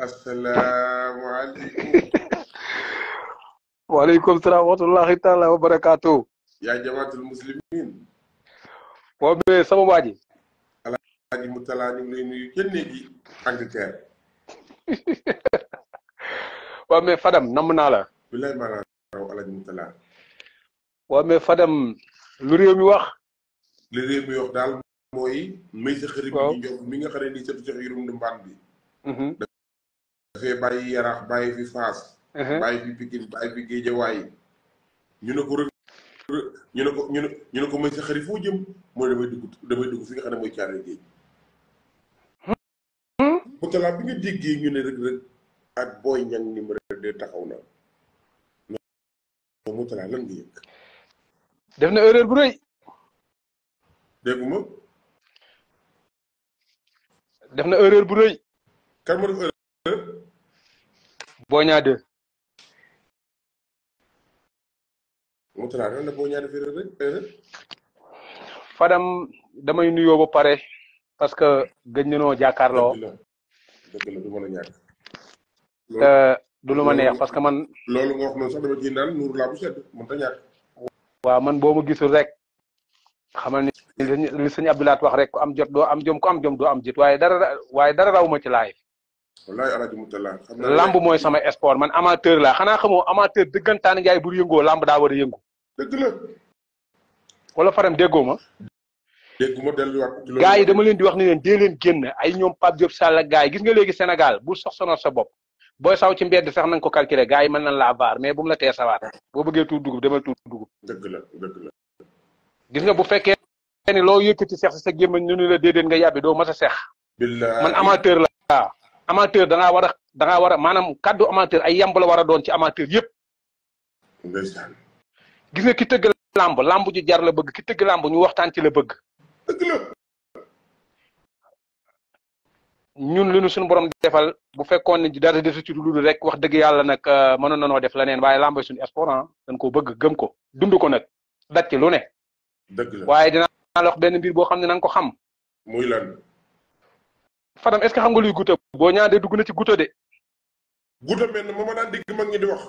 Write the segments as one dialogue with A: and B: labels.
A: Assalamualaikum. Waalaikumsalam warahmatullahi taala wabarakatuh. Ya jamaatul muslimin. Waabe sama waaji. Alaaji Mutala ni ngi lay nuyu kenne gi Angleterre. Wa me Fadam nam na la. Billahi ma laa raw Alaaji Mutala. Wa me Fadam lu rew mi wax. li rew mi wax dal moy may sa xarit mi jox mi nga xare ni ci sa jox yurum ndu mbaan bi. Mhm. dafee bàyyi yarax bàyyi fi faas uh-huh. bàyyi fi pikin bàyyi fi géejawaay ñu ne ko rek ñu ne ko ñu ne ko may sa foo jëm mu damay dugg damay dugg fi nga mooy caare géej botala taxaw na moom motala lan nga yëg def na erreur bu rëy def na erreur bu rëy kan ma def erreur Boy Niang 2. Fadam damay nuyoo ba pare parce que gëj nañoo jàkkaarloo. dëgg la du la ma neex parce que man. loolu nga wax waaw man boo ma gisul rek xamal ni li sëñ Abdoulaat wax rek ku am jot doo am jom ku am jom doo am jit waaye dara waaye dara raw ma ci live wallaay alaaji mutalla xam naa lamb mooy sama sport man amateur laa xanaa xamoo amateur dëggantaan njaay bu yëngoo lamb daa war a yëngu. dëgg la. wala faram déggoo ma. dégguma delluwaat ci loolu. gars yi dama leen di wax ni leen dee leen génn ay ñoom Pape Diop Sall ak gars yi gis nga léegi Sénégal bu sox sonal sa bopp. booy saw ci mbedd sax nanga ko calculer gaa yi mën nañ laa vaar mais bu mu la tee sawaat boo bëggee tuur dugub demal tuur dugub. dëgg la gis nga bu fekkee ni loo yëkkati seex sa gémmañ ñu ne la déedéet nga yàbbi doo mas a seex. man amateur la amateur da ngaa war a da war a maanaam kaddu amateur ay yamb la war a doon ci amateur yëpp. gis ki tëgg lamb lamb ju jar la bëgg ki tëgg lamb ñu waxtaan ci la bëgg. ñun lu ñu suñu borom defal bu fekkoon ne dara desu ci lu rek wax dëgg yàlla nag euh, mënoon na noo def leneen waaye lambay suñu espoir ah, dañ koo bëgg gëm ko dund ko nag daj ci lu ne. dëgg la waaye dinaa benn mbir boo xam ne na ko xam. muy lan. Fadam est-ce que xam nga luy guuta boo ñaa de dugg na ci guuta de. guuta benn ma ma daan dégg mag ñi di wax.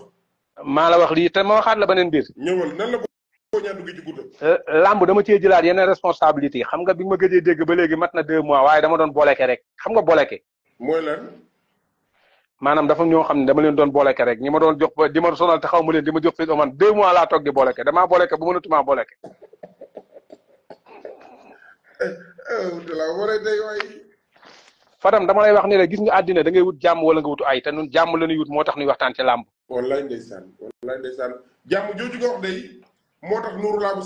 A: maa la wax lii te ma waxaat la beneen biir. ñëwal nan la boo ñaa dugg ci guuta. Euh, làmb dama cee jëlaat yeneen responsabilité xam nga bi ma gëjee dégg ba léegi mat na deux mois waaye dama doon booleke rek xam nga booleke. mooy lan. maanaam dafa ñoo xam ne dama leen doon boole ke rek ñi ma doon jox ba di ma sonal te xaw ma leen di ma jox fii man deux mois Fadam dama lay wax ne la gis nga àddina da ngay wut jàmm wala nga wutu ay te nun jàmm la wut moo tax ñuy waxtaan ci làmb. wallaay ndeysaan wallaay jàmm jooju nga wax day moo tax nuuru làmb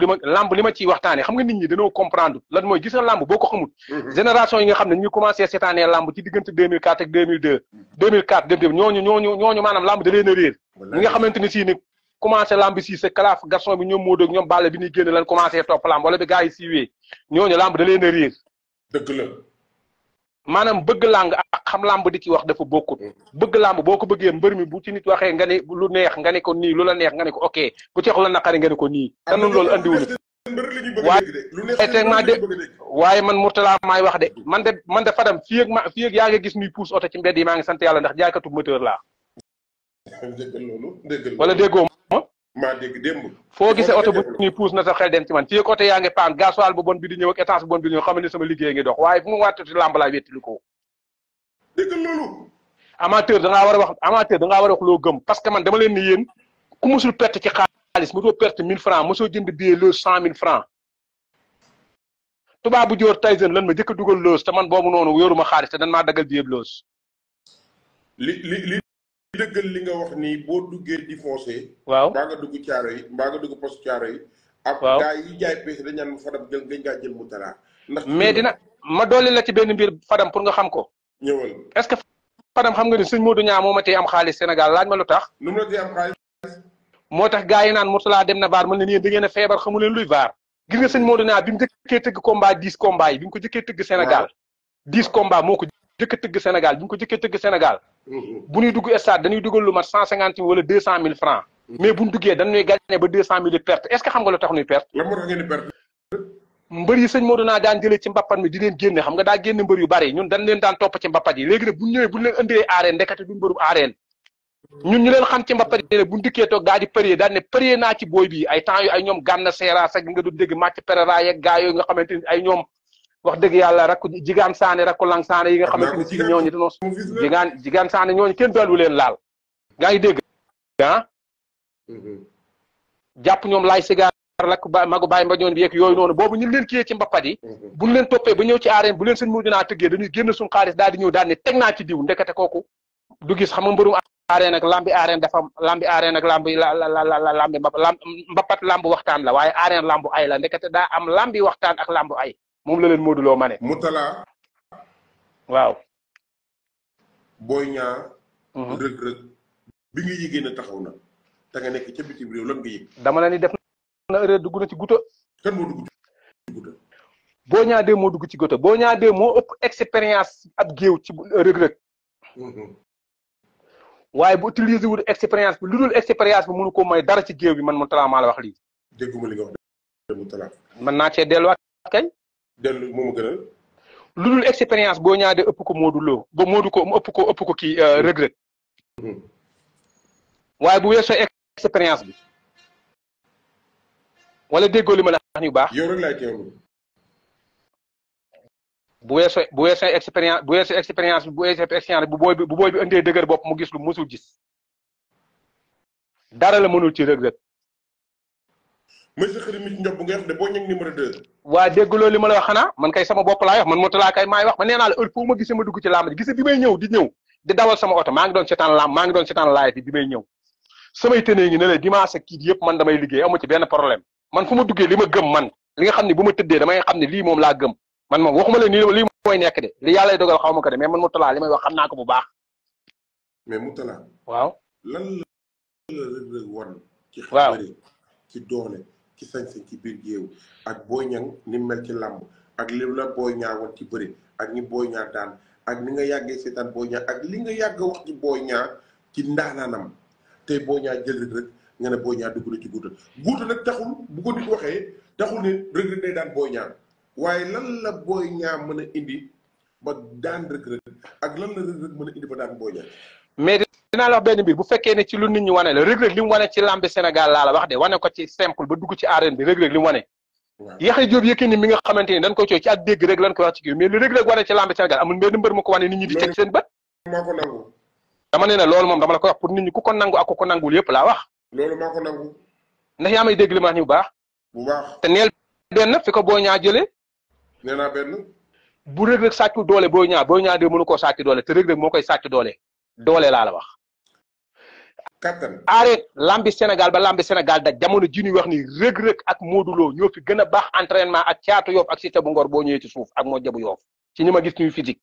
A: li ma làmb li ma xam nga nit ñi dañoo comprendre lan mooy gis làmb boo ko xamut. Mhm. génération yi nga xam ne ñu commencé seetaanee làmb ci diggante 2004 ak 2002. 2004 dem dem ñooñu ñooñu ñooñu maanaam làmb da leen a réer. ñi nga xamante ni sii ni commencé lambi ci ce kalaaf garçon bi ñom modok ñom balle bi ni génn lan commencé top lamb wala bi ci wé ñoo ñu lamb da leen a deug la. manam bëgg lang ak xam lamb di ci wax dafa bokku bëgg lamb boko ko mbeur mi bu ci nit waxee nga ni lu neex nga ni ko ni lu la neex nga ni ko ok bu ci xol la naqari nga ni ko ni te nun loolu andiwuñu waaye man murtala may wax de man de man de Fadam fi ak ma fii ak yaaga gis muy pousse auto ci mbedd yi ngi sante yalla ndax jaakatu moteur la wala déggoo ma. maa dégg foo gisee oto bu nii na sa xel dem ci man ci côté yaa ngi paan gasoil bu bon bi di ñëw ak bu bon bi di ñëw xam ne sama liggéey ngi dox waaye fu mu wàttati làmb laa wéttali ko. dégg loolu. amateur da war a wax amateur danga war a wax loo gëm parce que man dama leen ni yéen ku musul perte ci xaalis mosoo perte 1000 francs mosoo jënd billet loos 100000 francs tubaab bu joor Tyson lan ma jëkk dugal loos te man boobu noonu yoruma xaalis te dan maa dagal billet di dëggal li nga wax nii boo duggee di foncé waaw mbaa nga dugg caaro yi mbaa nga dugg post caaro yi ak gaa yi jaay pees ndax mais dina ma dooli la ci benn mbir fadam pour nga xam ko ñëwal est-ce que fadam xam nga ni sëñ Modou ñaa moo ma am xaalis Sénégal laaj ma lu tax nu mu la tey am xaalis moo tax gaa yi naan Mourtala dem na vaar man leen yéen da ngeen a feebar xamu leen luy vaar gis sëñ Modou ñaa bi mu jëkkee tëgg combat dix combat yi bi mu ko jëkkee tëgg Sénégal dix combat moo jëkk a tëgg Sénégal bu ñu ko jëkkee tëgg Sénégal bu ñuy dugg stade dañuy dugal lu mat cent cinquante mille francs mais bu ñu duggee dañuy gagné ba deux cent mille perte est-ce que xam nga lu tax ñuy perte mbër sëñ Modou naa daan jëlee ci mbappat mi di leen génne xam nga daa génne mbër yu bari ñun dañ leen daan topp ci mbappat yi léegi nag bu ñu ñëwee bu ñu leen indee arène ndekati du mbëru arène ñun ñu leen xam ci mbappat bu ñu toog daa di daan ne përie naa ci booy bi nga du nga xamante ni ay ñoom wax dëgg yàlla rakku jigaan saane rakku lang saane yi nga xamante ni si ñooñu dañoo jigaan jigaan saane ñooñu kenn dalu leen laal yaa ngi dégg ah mm-hmm. jàpp ñoom laay sigaar lakk ba magu baay mba ñoon bi yeeg yooyu noonu boobu ñu leen kiyee ci mbappat yi mm-hmm. buñ leen toppee ba ñëw ci arène bu leen seen mur dinaa tëggee dañuy génn suñ xaalis daal di ñëw daal ne teg naa ci diw ndekete kooku du gis xam nga mbërum arène ak lambi arène dafa lambi arène ak lambi la la lambi mbappat lamb waxtaan la waaye arène lambu ay la daa am lambi waxtaan ak lambu ay moom la leen Modou Lo mane. Moutala. waaw. Boy Niang. Mhm. Reug Reug bi nga yëgee ne taxaw na te nga nekk ca bitim réew lan yëg. dama la ni def na erreur dugg na ci guta. kan moo dugg moo dugg ci guta Boy ñaa 2 moo ëpp expérience ab géew ci Reug Reug. Mhm. waaye bu utiliser wul expérience bi lu dul expérience bi mënu ko may dara ci géew bi man Moutala maa la wax lii. dégguma li nga kay. dellu moo ma gënal. lu dul expérience boo ñaade ëpp ko Modou Lo ba Modou ko ëpp ko ëpp ko kii euh, Reug Reug. Hmm. waaye bu weesoo expérience bi. wala déggoo li ma la wax ni bu baax. yow rek laay bu weesoo bu weesoo expérience bu weesoo expérience bu weesoo bu booy bi bu booy bi indee dëgër bopp mu gis lu musul gis. dara la mënu ci Reug monsieur Khary Mitch Ndiop nga wax de boo ñëg numéro 2. waa dégguloo li ma la wax xanaa man kay sama bopp laay wax man Mourtalla kay maay wax man nee naa oto maa ngi doon seetaan maa ngi doon seetaan laay bi bi may ñëw samay tënee ngi ne la dimanche ak kii li ma gëm man li nga xam ne bu ma tëddee damay xam ne lii moom la ni lii ma ko de mais man Mourtalla li may wax xam naa ko bu baax mais Mourtalla waaw lan la Reug Reug wan ci xarit ci doole ci sañ sañse ci biir géew ak Boy Niang ni mel ci làmb ak li la Boy Niang ci bëri ak ñi Boy Niang daan ak ni nga yàggee seetaan Boy Niang ak li nga yàgg wax ci Boy ci ndaanaanam tey Boy Niang jël rek nga ne Boy Niang dugg na ci guuta guuta nag taxul bu ko nit waxee taxul ne Reug Reug day daan Boy waaye lan la Boy Niang mën a indi ba daan Reug Reug ak lan la Reug Reug mën a indi ba daan Boy dinaa la wax benn mbir bu fekkee ne ci lu nit ñi wane la Reug Reug li mu wane ci lambi Sénégal laa la wax de wane ko ci simple ba dugg ci arène bi Reug Reug wane nga xamante ni dañ koy cooy ci ak dégg rek lañ koy wax Sénégal amul benn mbër mu ko wane nit ñi di teg seen bët dama ne na loolu moom dama la ko wax pour nit ñi ku ko nangu ak ku ko nangul yëpp laa wax loolu maa ko nangu ndax yaa may dégg li ma ñu bu baax bu baax te neel benn fi ko boo ñaa jëlee nee naa bu Reug Reug sàccu doole boo ñaa boo ñaar de mënu koo sàcc doole te moo koy sàcc doole doole laa kattan arrête lambi sénégal ba lambi sénégal da jamono ji wax ni reug reug ak mooduloo ño fi gëna bax entraînement ak caatu yof ak cité bu ngor bo ñëw ci suuf ak mo jabu yof ci ñima gis ñuy physique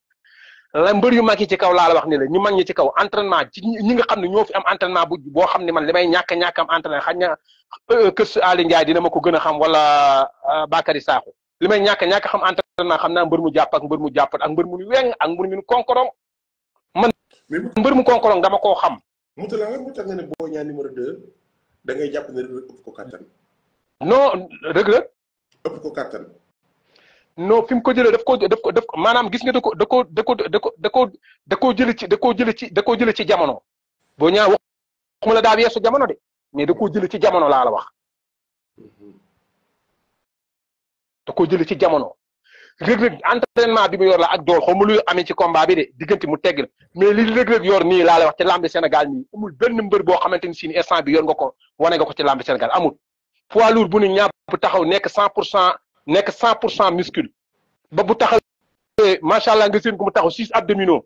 A: la mbeur yu mag ci kaw la la wax ni la ñu magni ci kaw entraînement ci ñi nga xamni ño fi am entraînement bu bo xamni man limay may ñàkk am entraînement xagna na euh, kës Ali Ndiaye dina mako gëna xam wala euh, Bakary Sakho limay may ñàkk xam entraînement xamna mbeur mu japp ak mbeur mu jàppat ak mbeur mu weng ak mbeur mu konkorom man mbeur mu konkorom dama ko xam Moutalla lan moo tax nga ne Boy Niang numéro 2 da ngay jàpp ne Reug Reug ëpp ko kàttan. non ko kàttan. non fi mu ko jëlee daf koo daf ko daf ko maanaam gis nga da ko da ko da ko da ko da koo jëlee ci da koo jëlee ci da koo jëlee ci jamono. Boy Niang waxuma la daa weesu jamono de mais da koo jëlee ci jamono laa la wax. Mhm. da koo jëlee ci jamono. Reug Reug entraînement bi mu yor la ak dool xaw ma luy amee ci combat bi de diggante mu tegg mais li Reug yor nii laa lay wax ci lambi Sénégal nii amul benn mbër boo xamante ni si instant bi yor nga ko wane nga ko ci lambi Sénégal amul poids lourd bu nu ñàpp taxaw nekk cent pour cent nekk cent pour cent muscule ba bu taxawee macha allah nga seen ko mu taxaw six abdominaux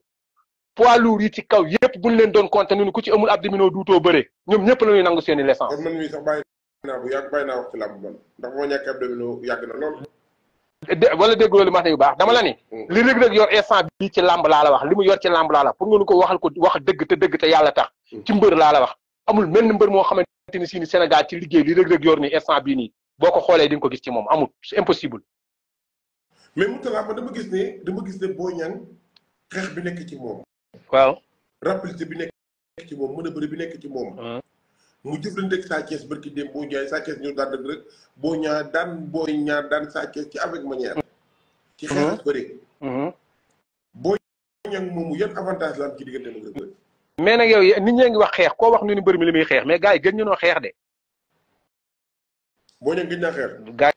A: poids lourd yi ci kaw yépp buñ leen doon compté nu ku ci amul abdominaux duutoo bëre ñoom ñëpp la ñuy nangu seen i leçon. kon man mii sax bàyyi naa bu na lool. wala dégguloo li ma wax yu baax dama la ni mm. li Reug Reug yor instant bi ci làmb laa la wax li mu yor ci làmb laa la wax pour nga nu ko waxal ko wax dëgg te dëgg te yàlla tax mm. ci mbër laa la wax amul menn mbër moo xamante ni si ni Sénégal ci liggéey li Reug Reug yor ni instant bi nii boo ko xoolee di nga ko gis ci moom amul c'est impossible mais Mourtalla ma dama gis ne dama gis ne Boy Niang xeex bi nekk ci moom waaw rapidité bi nekk ci moom mën a bëri bi nek ci moom mm. mu jëflante ak Sa caisse barki dem bo ñay Sa caisse ñu daan dëgg rek bo ñaa dan bo ñaa dan Sa caisse ci avec manière ci xéx ak bëri mm-hmm. boo ñang moomu yeen avantage la ci diggante ak rek mais nak yow nit ñi ngi wax xéx ko wax ñu ni bari mi limay xéx mais gaay gën ñu no xéx dé bo ñang gën na xéx gaay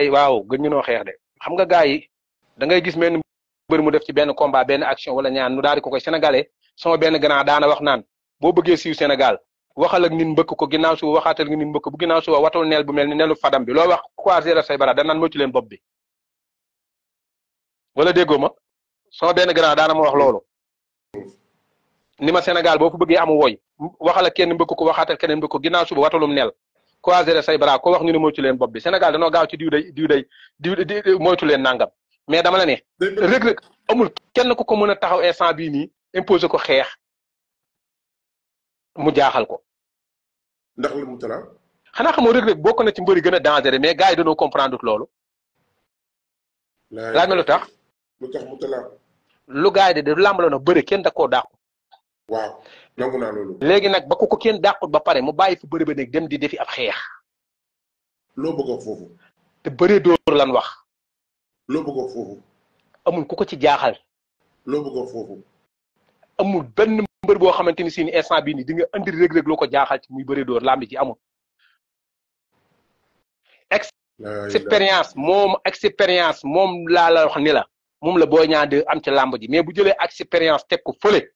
A: yi waaw gën ñu no xéx dé xam nga gaay yi da ngay gis mel mbër mu def ci benn combat benn action wala ñaan nu daal di ko koy sénégalais sama benn grand daana wax naan boo bëggee siiw sénégal waxal ak nit mbëkk ko ginnaaw suba waxaatal ak nit mbëkk bu ginnaaw suba watul neel bu mel ni neelu fadam bi loo wax croiser la say bara danaan moytu leen bopp bi wala déggoo ma sama benn grand daana ma wax loolu ni ma Sénégal boo ko bëggee amu woy waxal ak kenn mbëkk ko waxaatal keneen mbëkk ko ginnaaw suba watulum neel croiser la say bara ko wax ñu ne leen bopp bi Sénégal danoo gaaw ci diw day diw day diw moytu leen nangam mais dama la ne Reug Reug amul kenn ku ko mën a taxaw instant bii nii imposer ko xeex mu jaaxal ko. ndax la mu talaa. xanaa xamoo Reug Reug bokk na ci mbëri gën a dangereux mais gars yi dañoo comprendre loolu. laaj ma lu tax. lu tax mu talaa. lu gars yi de de làmbaloon a bëri kenn da koo dàqu. waaw nangu naa loolu. léegi nag ba ko ko kenn dàqut ba pare mu bàyyi fu bëri ba nekk dem di defi ab xeex. loo bëgg wax foofu. te bëree dóor lan wax. loo bëgg foofu. amul ku ko ci jaaxal. loo bëgg foofu. amul benn mbër boo xamante ni si instant bii nii di nga indi rëg-rëg loo ko jaaxal ci muy bëri dóor lamb ji amul. expérience moom expérience moom laa wax ni moom la boo ñaa am ci lamb ji mais bu jëlee expérience teg ko fële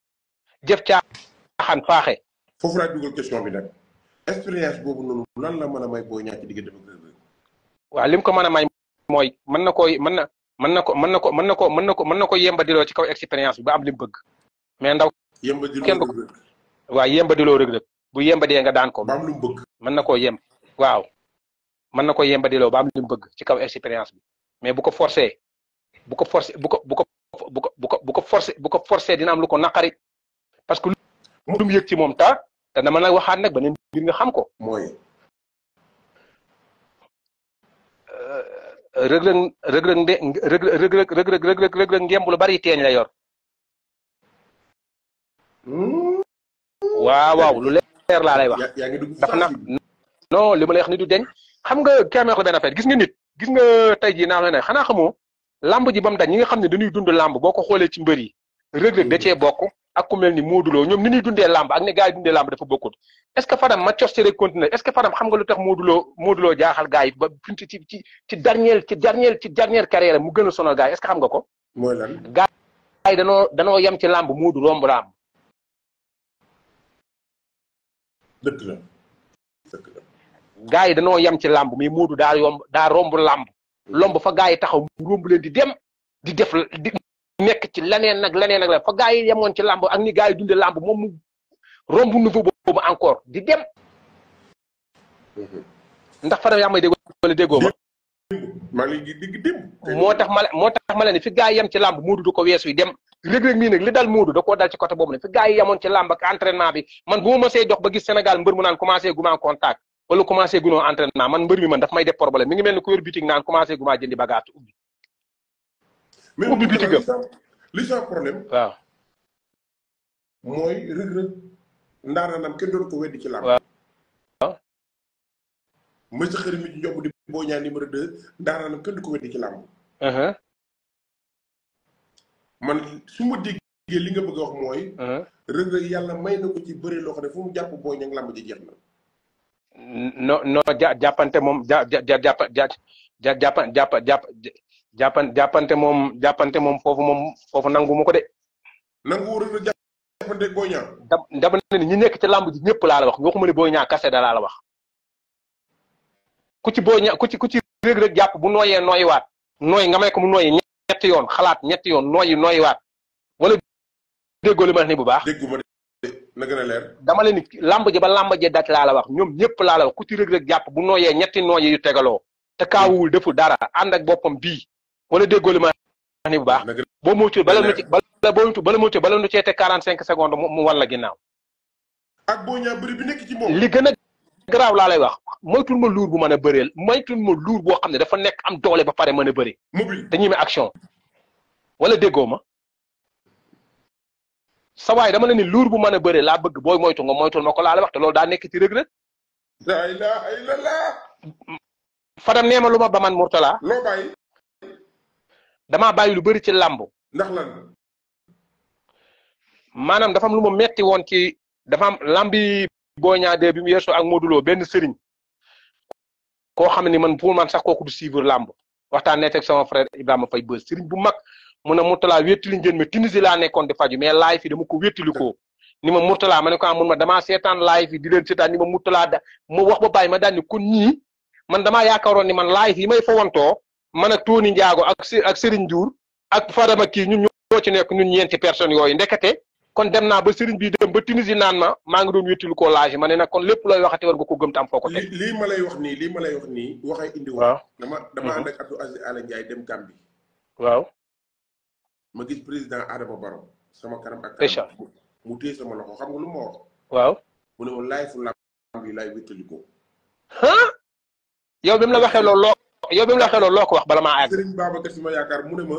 A: jëf caaxaan faaxe. foofu laay expérience boobu noonu lan la mën a may booy ñaa ci diggante ba rëg lim ko mën a may mooy mën na koy mën na mën na ko mën na ko mën na ko mën na ko mën na ko yemba ci kaw expérience bi ba am li bëgg mais ndaw yemba di kenn waaw yemba di loo rëg rëg bu yemba di nga daan ko baam lu mu bëgg man nako yemb waaw mën na yemba di loo baam lu mu bëgg ci kaw experience bi mais bu ko forcer bu ko forcer bu ko bu ko bu ko bu ko forcer bu ko forcer dina am lu ko nakari parce que lu dum yek ci mom ta na man la waxat nak benen bir nga xam ko euh, reug reug reug reug reug reug reug reug reug reug reug reug reug reug reug reug reug reug reug waaw waaw lu leer laa lay wax. yaa ngi dugg dafa na non li ma lay wax ni du deñ xam nga kii amee wax la benn affaire gis nga nit gis nga tey jii naa la ne xanaa xamoo lamb ji ba dañ ñi nga xam ne dañuy dund lamb boo ko xoolee ci mbër yi rëg-rëg da cee mm. bokk ak ku mel ni Modou ñoom ni ñuy dundee lamb ak ne gars yi dundee lamb dafa bokkut est-ce que Fadam ma cos ci rek continuer est-ce que Fadam xam nga lu tax Modou Lo Modou Lo jaaxal gars yi ba ci ci ci ci dernier ci dernière a sonal danoo yem ci lamb Modou romb lamb dëkk la yi danoo yem ci làmb mais Moodu daa yomb daa romb làmb. lomb fa gars yi taxaw mu romb leen di dem di def di nekk ci leneen nag leneen nag la fa gars yi ci làmb ak ni gars yi dundee làmb moom mu romb niveau boobu encore di dem. Mhm. ndax Fadam yaa may dégg moo tax ma moo tax fi gars yi ci làmb Moodu du ko weesu dem rëg-rëg mi nak li dal modou da dal ci côté bobu ne fi gaay yi yamoon ci lamb ak entraînement bi man bu ma sey dox ba gis Sénégal mbeur mu nan commencé guma contact wala commencé guno entraînement man mbeur mi man daf may def problème mi ngi melni ni boutique nan commencé guma jëndi bagage ubbi ubbi bitigam li sa problème waaw mooy rëg-rëg nam kenn do ko weddi ci làmb waaw mësa mi ci njob di boo ñaan numéro deux nam kenn do ko weddi ci làmb uh-huh. man su ma déggee li nga bëgg a wax mooy. Uh-huh. Reug Reug yàlla may na ko ci bëre loo xam ne fu mu jàpp Boy Niang lamb ji jeex na. non ja jàppante moom ja ja ja jàppa jàppa jàppan jàppante moom jàppante moom foofu moom foofu nangu ma ko de. nangu wu Reug Reug jàppante Boy Niang. dama ne ñi nekk ci lamb ji ñëpp laal la wax waxuma ne boo Niang kase da la wax. ku ci Boy Niang ku ci ku ci Reug Reug jàpp bu nooyee nooyiwaat nooy nga may ko nooyee ñetti yoon xalaat ñetti yoon nooyi nooyi waat wala déggoo li ma wax ni bu baax. dégguma de na gën a leer. dama leen ni làmb ji ba làmb jee daj laa la wax ñoom ñëpp laa la wax ku ci rëg rëg jàpp bu nooyee ñetti nooyi yu tegaloo. te kaawuwul defu dara ànd ak boppam bii wala déggoo li ma wax ni bu baax. boo moytuwul bala nu ci bala boo moytuwul bala moytuwul bala nu ceete quarante cinq secondes mu mu wan la ginnaaw. ak boo ñaa li gën a garaaw laa lay wax moytul ma luur bu mën a bëreel moytul ma luur boo xam ne dafa nekk am doole ba pare mën a bëri. te ñeme action wala déggoo ma sawaay dama dama ne luur bu man a bëree laa bëgg booy moytu nga moytul ma ko laa lay wax te loolu daa nekk ci rëg-rëg. la Fadam nee ba man Mourtala. loo bàyyi. lu bari ci làmb. ndax lan. maanaam dafa lu ma metti woon ci dafa am làmbi Boy Niang 2 bi mu yeesoo ak Modou Lo benn sëriñ koo xam ne man pour man sax kooku du suivre làmb waxtaan ne teg sama frère Ibrahima Faye ba sëriñ bu mag mu ne Mourtala wéttali ngeen ma Tunisie laa nekkoon di faju mais laay fi dama ko wéttali ko ni ma Mourtala ma ne ko ah mun ma damaa seetaan laay fi di leen seetaan ni ma Mourtala da ma wax ba bàyyi ma daal ni kon ñii man dama yaakaaroon ni man laay fi yi may fawantoo man ak Tony Ndiago ak ak Serigne Diour ak Fadama kii ñun ñoo ci nekk ñun ñeenti personnes yooyu ndekete kon dem naa ba sëriñ bi dem ba Tunisie naan ma maa ngi doon wétilu koo laaj ma ne kon lépp looy waxati war nga ko gëm te foo ko teg. lii lay wax nii lii ma lay wax nii waxay indi. waaw dama dama mhm. ànd a Abdou Aziz Ala Ndiaye dem Gambie. waaw. ma gis président Adama Barrow sama kanam ak. incha mu téye sama loxo xam nga lu ma wax. waaw mu ne ma laay fu lamb yi laay wétilu ko. yow bi mu la waxee loolu loo yow bi mu la waxee loolu ko wax bala maa àgg. sëriñ Babacar si ma yaakaar mu ne ma.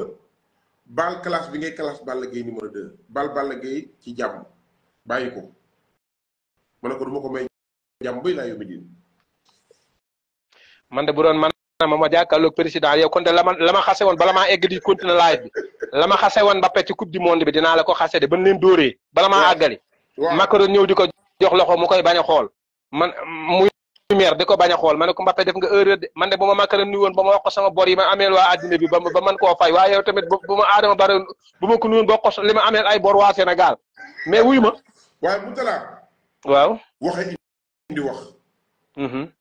A: bal classe bi ngay classe bal gay numéro 2 bal bal gay ci jam bayiko mané ko duma ko may jam bay la yóbbu din man de bu don man ma ma jàkkaarloog président yow kon de lama ma la ma bala ma egg di continue live bi lama xasse won woon ba pecc coupe du monde bi dina la ko xasse de ban len doré bala ma agali waaw ñew diko jox loxo mu koy bañ xol man muy lumière di ko bañ xool ma ne ko def nga erreur de man de bu ma Makara nuyu ba ma wax ko sama bor yi ma ameel waa àddina bi ba ba man koo fay waaye yow tamit bu ma Adama Barrow bu ma ko nuyoon ba ko li ma ay bor waa Sénégal mais wuyu ma. waaye bu talaa. waaw waxee indi wax. Mhm.